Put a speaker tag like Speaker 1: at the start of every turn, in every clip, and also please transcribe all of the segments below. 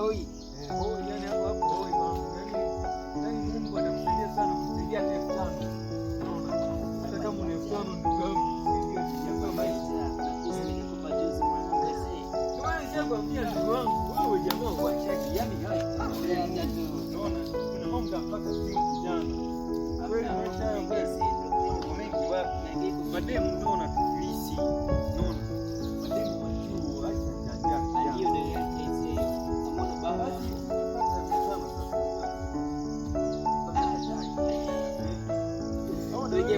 Speaker 1: 可以，可以。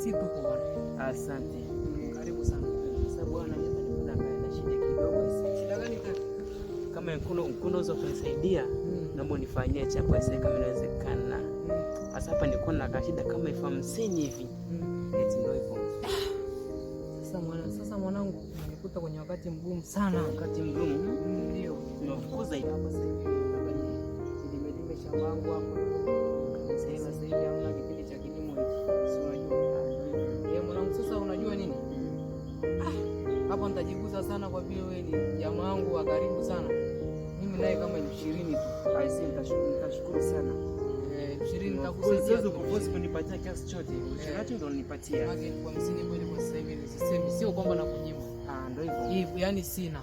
Speaker 1: siku bwana.
Speaker 2: Asante. Karibu sana. Sasa bwana, shida kidogo, Shida gani kama unaweza kunisaidia hmm. naomba nifanyie cha sasa kama inawezekana. Sasa hmm. hapa niko na kashida kama elfu hamsini hivi. Hmm. Eti ndio hivyo.
Speaker 1: Sasa mwana, sasa mwanangu nimekuta kwenye wakati mgumu sana.
Speaker 2: Wakati mgumu. Ndio. Tunafukuza hapa sasa. Ndio nimedimesha wangu hapo. Sasa hivi hamna kitu.
Speaker 1: hapa nitajiguza sana kwa vile wewe ni jamaa wangu wa karibu sana. Mimi naye kama elfu
Speaker 2: ishirini tu. Aisee, nitashukuru sana.
Speaker 1: Eh, nitakusaidia. Eh. sio kwamba nakunyima.
Speaker 2: Ah,
Speaker 1: sina.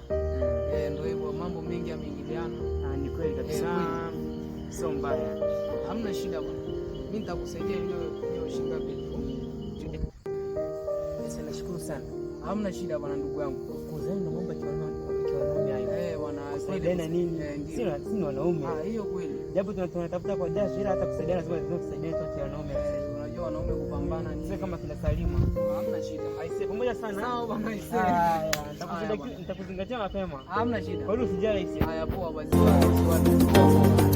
Speaker 1: Eh. ndio hivyo mambo mengi yameingiliana.
Speaker 2: Ah, ni kweli kabisa. Sio mbaya.
Speaker 1: Hamna shida bwana. Mimi nitakusaidia
Speaker 2: Nashukuru sana hamna shida bwana, ndugu yangu hiyo kweli,
Speaker 1: japo tunatafuta kwa jasho, ila hata lazima sote wanaume.
Speaker 2: Unajua wanaume kupambana
Speaker 1: ni kama kina Salima, hamna shida. pamoja sana. Sawa bwana, nitakuzingatia mapema.
Speaker 2: Hamna shida, kwa
Speaker 1: hiyo usijali. haya poa basi.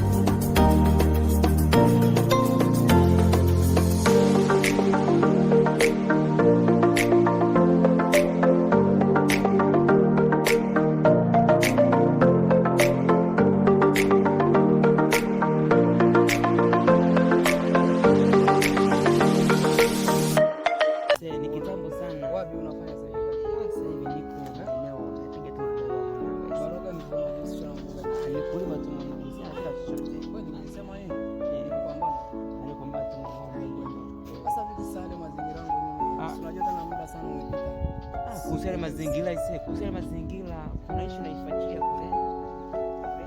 Speaker 2: mazingira kuna issue naifuatilia kule,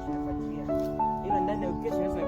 Speaker 2: naifuatilia ila ndani ya ukesho lazima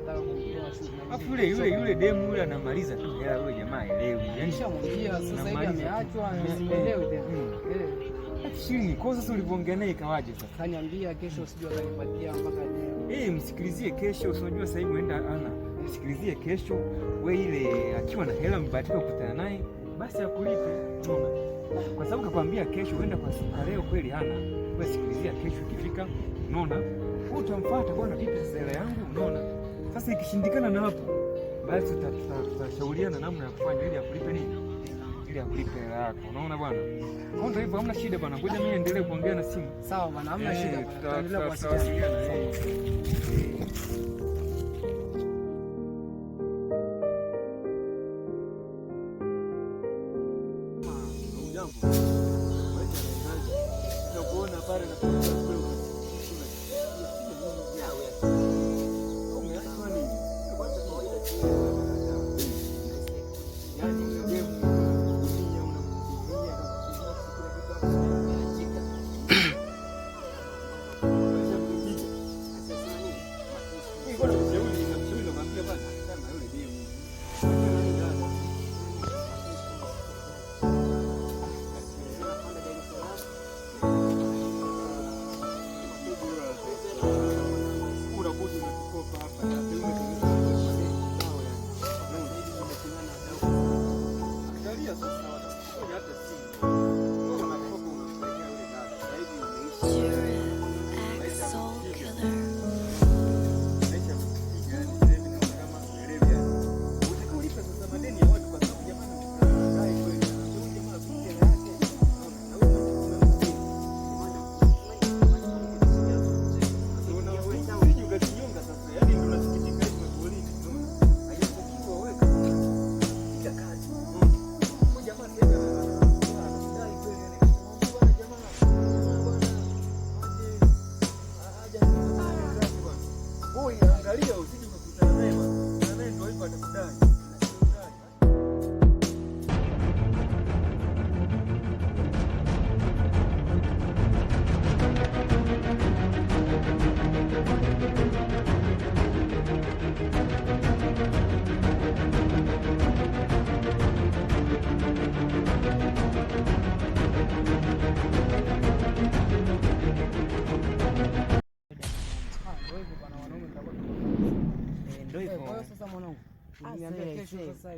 Speaker 2: Afu yule yule yule demu yule anamaliza tu hela, yule jamaa elewi, yani
Speaker 1: shamwambia sasa hivi ameachwa, mm. sielewi tena
Speaker 2: mm. eh. shini kwa sasa. Ulivyoongea naye ikawaje sasa?
Speaker 1: Kaniambia kesho, sijui atanipatia mpaka leo. Eh,
Speaker 2: msikilizie kesho, unajua sasa hivi unaenda ana msikilizie kesho, we ile akiwa na hela mbatika kukutana naye basi akulipe, kwa sababu kakwambia kesho, uenda kwa leo kweli hana. Wewe sikilizia kesho ikifika, unaona utamfuata bwana, vipi sasa hela yangu, unaona sasa ikishindikana na hapo, basi tutashauriana namna ya kufanya ili akulipe nini, ili akulipe hela yako. Unaona bwana, kwa ndio hivyo, hamna shida bwana. Ngoja mimi endelee kuongea na simu.
Speaker 1: Sawa bwana, hamna eh, shida, tutaendelea kuwasiliana.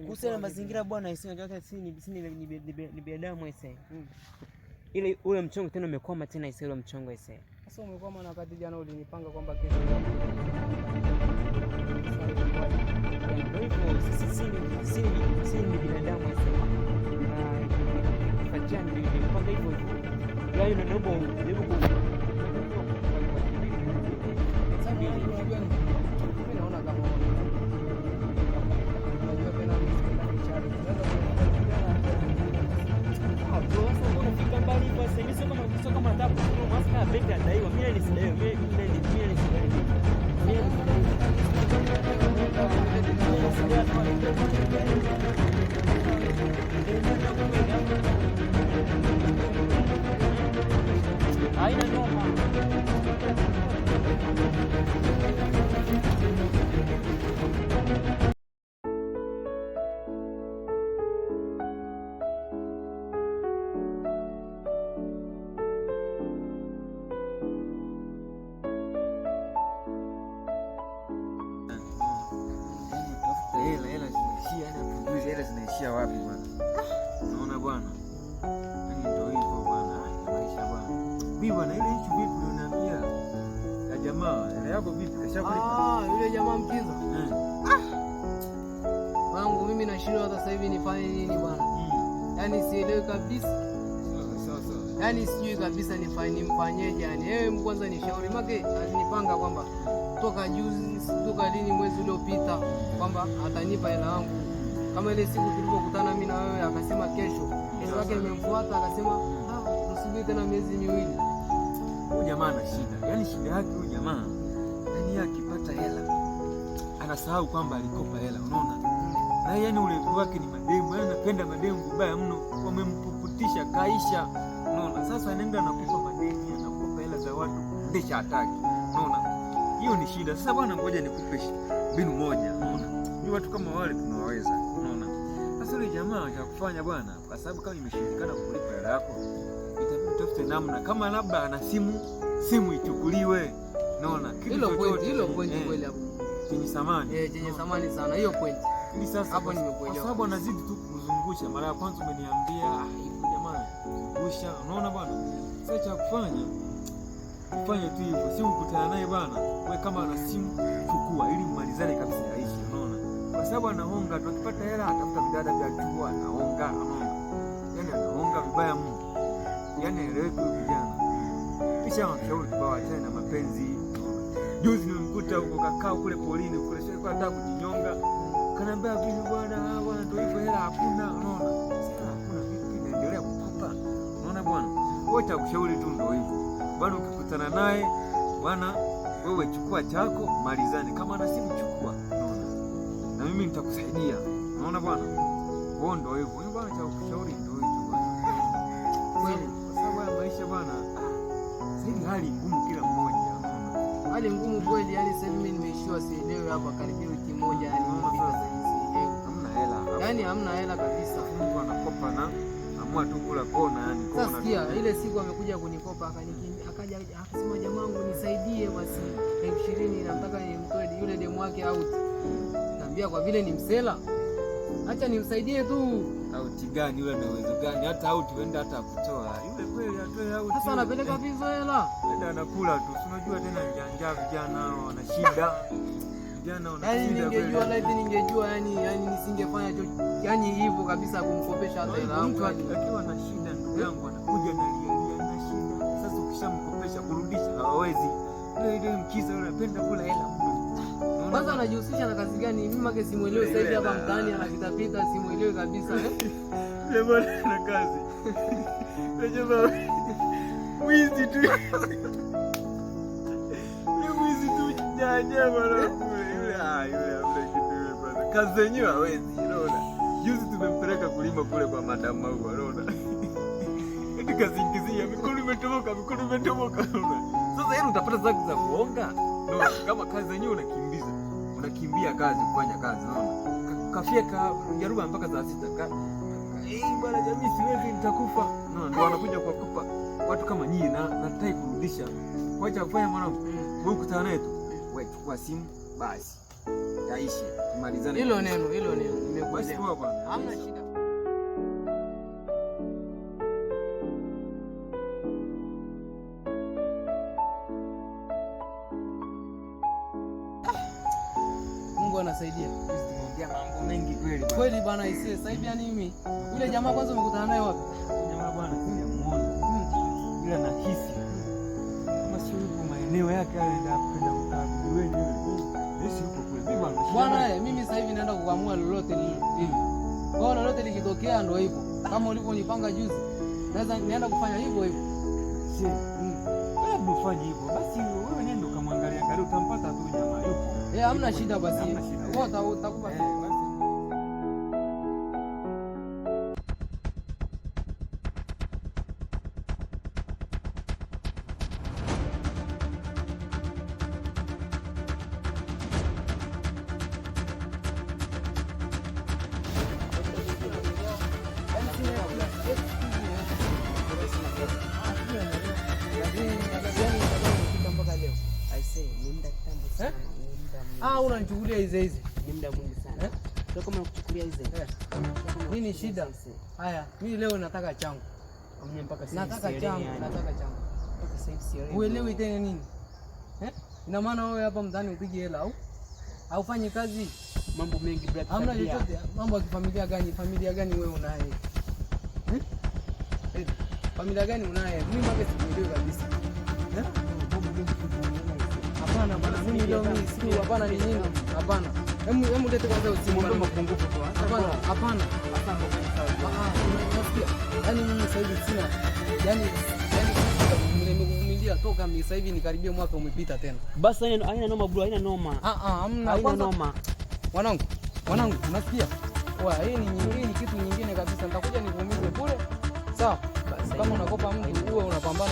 Speaker 2: kuhusiana na mazingira bwana, ni binadamu ese, Ile ule mchongo tena umekwama tena ese, ule mchongo ese
Speaker 1: Sasa umekwama na jana ulinipanga kwamba kesho binadamu
Speaker 2: bwana, ile vipi ya jamaa ile yako vipi? ah,
Speaker 1: yule jamaa mkizo
Speaker 2: eh. ah!
Speaker 1: wangu mimi nashindwa sasa hivi nifanye nini bwana, hmm. yaani sielewi kabisa, yaani sijui kabisa nimfanyeje. Yani wewe kwanza nishauri make alinipanga kwamba toka juzi, toka lini, mwezi uliopita kwamba atanipa hela yangu kama ile siku tulipokutana mimi na wewe, akasema kesho. Kesho yake nimemfuata akasema tusubiri ah, tena miezi miwili
Speaker 2: huyu jamaa ana shida, yaani shida yake huyu jamaa yaani akipata hela anasahau kwamba alikopa hela, unaona na yaani ulevu wake ni mademu, yaani anapenda mademu vibaya mno, wamempukutisha kaisha, unaona. Sasa anaenda anakopa madeni, anakopa hela za watu, ndesha hataki, unaona. Hiyo ni shida. Sasa bwana, ngoja nikupe mbinu moja, unaona, ni watu kama wale tunawaweza, unaona. Sasa yule jamaa atakufanya bwana, kwa sababu kama imeshindikana kulipa hela yako tutafute namna, kama labda ana simu, simu ichukuliwe. Naona
Speaker 1: hilo point, hilo point eh, kweli hapo chenye samani eh, chenye samani sana hiyo point. Ni sasa hapo nimekuelewa, kwa sababu anazidi tu kuzungusha. Mara ya kwanza umeniambia ah, hivi jamani, kuzungusha. Unaona bwana, sasa cha kufanya kufanya tu hivyo, si ukutana naye bwana, wewe kama ana simu chukua, ili mmalizane kabisa hiyo, unaona, kwa sababu anaonga tu, akipata hela atafuta vidada vya chua, anaonga, anaonga, yani anaonga vibaya mno yani refu vijana, kisha wakiauli kwa wachane na mapenzi. Juzi nimemkuta huko kakao kule polini kule, sio kwa hata kujinyonga, kanaambia vipi bwana, hawa ndio hivyo, hela hakuna. Unaona sasa, hakuna vipi, naendelea kukopa. Unaona bwana, wewe utakushauri tu, ndio hivyo bwana, ukikutana naye bwana, wewe chukua chako, malizani, Kama ana simu chukua, unaona, na mimi nitakusaidia. Unaona bwana, wewe ndio hivyo bwana, cha kushauri ndio hivyo bwana maisha bwana, Sisi hali ngumu, kila mmoja hali ngumu kweli. Yani sasa mimi nimeishiwa sielewi hapa, karibia wiki moja, yani sasa hizi,
Speaker 2: hamna hela,
Speaker 1: yani hamna hela kabisa.
Speaker 2: Mtu anakopa na amua tu kula kona,
Speaker 1: yani kona. Sasa sikia, ile siku amekuja kunikopa akanikimbia, akaja akasema, jamaa wangu nisaidie basi elfu ishirini nataka nimtoe yule demu wake out. Nikamwambia kwa vile ni msela acha nimsaidie tu.
Speaker 2: Auti gani yule, na uwezo gani? hata auti wenda hata kutoa
Speaker 1: yule kweli, atoe auti sasa. Anapeleka vizo hela,
Speaker 2: enda anakula tu, unajua tena njanja, vijana hao wana shida vijana
Speaker 1: wana yaani shida. Ningejua na hivi ningejua, yani yani nisingefanya chochote yani hivyo kabisa, kumkopesha hata hela yangu. Akiwa
Speaker 2: na shida, ndugu yangu anakuja na lialia, na shida. Sasa ukishamkopesha kurudisha hawawezi. Ile ile mkiza, anapenda kula hela
Speaker 1: kwanza anajihusisha na kazi gani? Mimi make simuelewi sasa hivi hapa mtaani anapitapita, simuelewi kabisa.
Speaker 2: Eh? Na kazi wizi tu, Ni wizi tu, nyanya bwana yule, ah yule hapo kitu bwana, kazi zenyewe hawezi. Unaona, juzi tumempeleka kulima kule kwa madamu au, unaona kazingizia mikono imetoboka, mikono imetoboka. Sasa yeye utapata zaki za kuonga No, kama kazi zenyewe unakimbia kukimbia kazi kufanya kazi, naona kafia kajaruba mpaka saa sita ka eh, bwana jamii, siwezi nitakufa. Naona ndio wanakuja kuwakupa watu kama nyinyi, na nataki kurudisha kwa cha kufanya. Mwanangu wewe kutana naye tu, wewe chukua simu basi, yaishi tumalizane hilo
Speaker 1: neno, hilo neno nimekuelewa bwana, hamna shida. Nimekwambia nini? Yule jamaa kwanza umekutana naye wapi?
Speaker 2: Jamaa bwana, sijamuona. Ila nahisi kama si yuko maeneo yake yale ndio anapenda mtaani wewe yule. Sisi huko
Speaker 1: kule. Bwana, mimi sasa hivi naenda kuamua lolote lile. Kwa lolote likitokea ndio hivyo. Kama ulivyonipanga juzi, naweza nienda kufanya hivyo hivyo.
Speaker 2: Si. Hebu mm. fanye hivyo. Basi wewe nenda ukamwangalia, karibu utampata tu jamaa yupo. Eh, hamna
Speaker 1: shida basi. Wewe utakupa eh. au unanichukulia hizi hizi?
Speaker 2: Ni muda mwingi sana. Eh? Sio kama nakuchukulia hizi.
Speaker 1: Nini eh. shida? Haya, mimi leo nataka changu. Mimi mpaka sasa. Nataka changu, nataka changu. Mpaka sasa hivi sio. Uelewi tena nini? Eh? Ina maana wewe hapa mtaani upige hela au? Haufanyi kazi? Mambo mengi bro. Hamna chochote. Mambo ya familia gani? Familia gani wewe unaye? Eh? eh familia gani unaye? Mimi mpaka sikuelewi kabisa hapana bwana, leo mimi siku hapana ni nyingi hapana. Hemu hemu lete kwanza usimu ndio
Speaker 2: mapungufu kwa. Hapana, hapana. Asante
Speaker 1: kwa ah, yaani mimi sasa hivi sina. Yaani, yaani toka mimi sasa hivi nikaribia mwaka umepita tena.
Speaker 2: Basi haina haina noma bro, haina noma. Ah ah, hamna
Speaker 1: haina noma.
Speaker 2: Wanangu, wanangu, nasikia.
Speaker 1: Wa, hii ni nyingine, kitu nyingine kabisa. Nitakuja nivumize bure. Sawa. Kama unakopa mtu uwe unapambana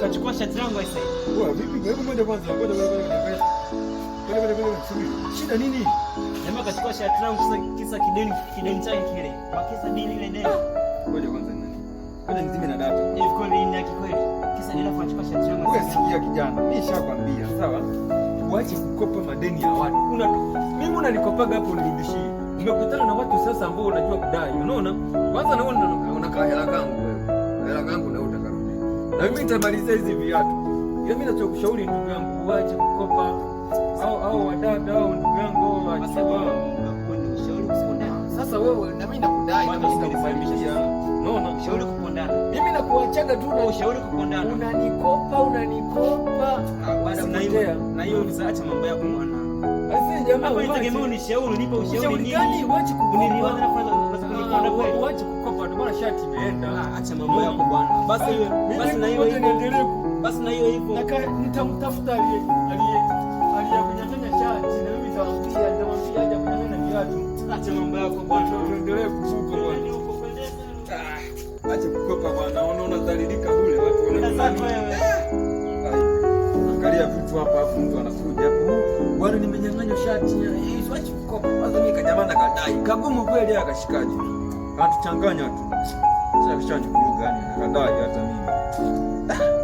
Speaker 1: Kachukua shati langu aisee. Shida nini? Jamaa kachukua shati langu kisa kideni kideni chake kile. Kisa deni ile deni.
Speaker 2: Ngoja kwanza nani? Ngoja nizime na data.
Speaker 1: Hivi kweli ni yake kweli? Kisa nilikuwa nachukua shati
Speaker 2: langu. Wewe sikia kijana. Mimi nishakwambia, sawa? uache kukopa madeni ya watu. Una Mimi unanikopaga hapo nirudishie. Umekutana na watu sasa ambao unajua kudai, unaona? Kwanza na wewe unakaa hela kangu wewe, hela kangu na utakarudi. na mimi nitamaliza hizi viatu. Ya yaani mimi nachokushauri ndugu yangu, uache kukopa au au wadada au ndugu yangu wacha wao.
Speaker 1: Sasa wewe na mimi nakudai
Speaker 2: kama mimi Unaona? Ushauri
Speaker 1: kukondana. Mimi nakuachaga tu na ushauri kukondana. Unanikopa, unanikopa
Speaker 2: na hiyo usaacha mambo yako mwana.
Speaker 1: Asi jamaa, wewe
Speaker 2: tegemea unishauri, nipe ushauri nini?
Speaker 1: Gani uache
Speaker 2: kukuniliwa na kwanza unasema kwamba
Speaker 1: uache kukopa ndio maana shati imeenda. Ah, acha mambo yako bwana. Basi
Speaker 2: hiyo basi na hiyo iendelee. Basi na hiyo
Speaker 1: hivyo. Nitamtafuta aliye aliye aliyekunyang'anya shati na mimi nitamwambia nitamwambia aje kunyang'anya viatu. Acha mambo yako bwana. Tuendelee kusuka bwana.
Speaker 2: Acha kukopa bwana. Unaona unadhalilika kule watu
Speaker 1: wanakudhalilika
Speaker 2: unaangalia vitu hapa, afu mtu anakuja hapo, bwana, nimenyang'anywa shati ya hizo, eh, acha kukopa kwanza. Mimi kajamana kadai kagumu kweli, akashikaje atuchanganya tu sasa, kisha nikuluga yani kadai hata mimi